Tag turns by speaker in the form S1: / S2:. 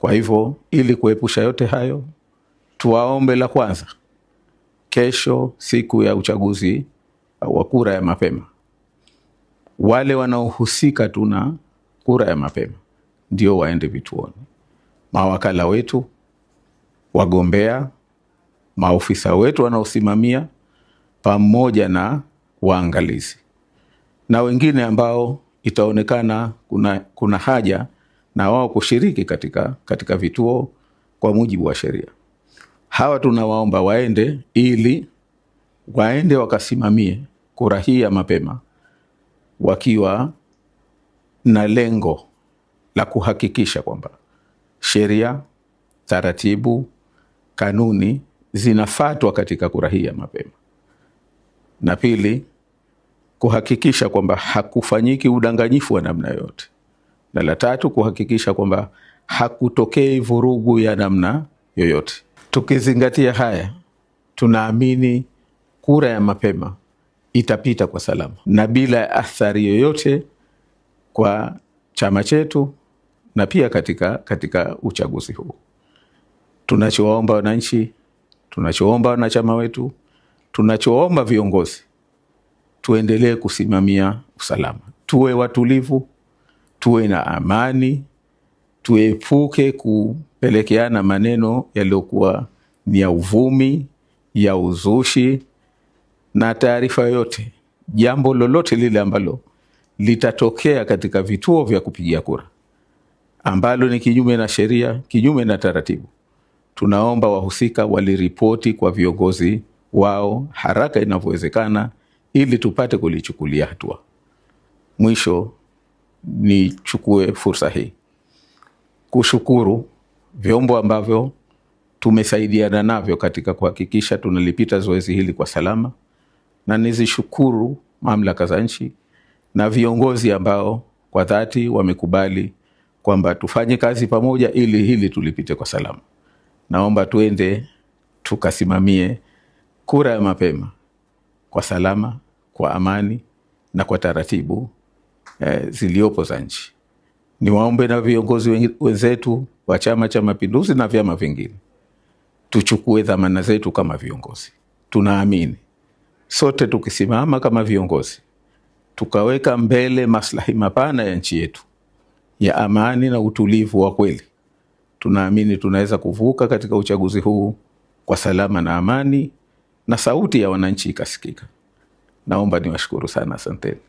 S1: Kwa hivyo ili kuepusha yote hayo, tuwaombe la kwanza, kesho siku ya uchaguzi uh, wa kura ya mapema, wale wanaohusika tu na kura ya mapema ndio waende vituoni, mawakala wetu, wagombea, maofisa wetu wanaosimamia, pamoja na waangalizi na wengine ambao itaonekana kuna, kuna haja na wao kushiriki katika, katika vituo kwa mujibu wa sheria. Hawa tunawaomba waende ili waende wakasimamie kura hii ya mapema wakiwa na lengo la kuhakikisha kwamba sheria, taratibu, kanuni zinafatwa katika kura hii ya mapema, na pili, kuhakikisha kwamba hakufanyiki udanganyifu wa namna yoyote na la tatu kuhakikisha kwamba hakutokei vurugu ya namna yoyote. Tukizingatia haya, tunaamini kura ya mapema itapita kwa salama na bila athari yoyote kwa chama chetu na pia katika, katika uchaguzi huu. Tunachoomba wananchi, tunachoomba wanachama wetu, tunachoomba viongozi, tuendelee kusimamia usalama, tuwe watulivu tuwe na amani, tuepuke kupelekeana maneno yaliyokuwa ni ya uvumi, ya uzushi na taarifa yoyote, jambo lolote lile ambalo litatokea katika vituo vya kupigia kura ambalo ni kinyume na sheria, kinyume na taratibu, tunaomba wahusika waliripoti kwa viongozi wao haraka inavyowezekana ili tupate kulichukulia hatua. Mwisho nichukue fursa hii kushukuru vyombo ambavyo tumesaidiana navyo katika kuhakikisha tunalipita zoezi hili kwa salama, na nizishukuru mamlaka za nchi na viongozi ambao kwa dhati wamekubali kwamba tufanye kazi pamoja ili hili tulipite kwa salama. Naomba tuende tukasimamie kura ya mapema kwa salama, kwa amani na kwa taratibu eh, ziliyopo za nchi. Niwaombe na viongozi wenzetu wa Chama cha Mapinduzi na vyama vingine tuchukue dhamana zetu kama viongozi. Tunaamini sote tukisimama kama viongozi tukaweka mbele maslahi mapana ya nchi yetu ya amani na utulivu wa kweli, tunaamini tunaweza kuvuka katika uchaguzi huu kwa salama na amani, na sauti ya wananchi ikasikika. Naomba niwashukuru sana, asanteni.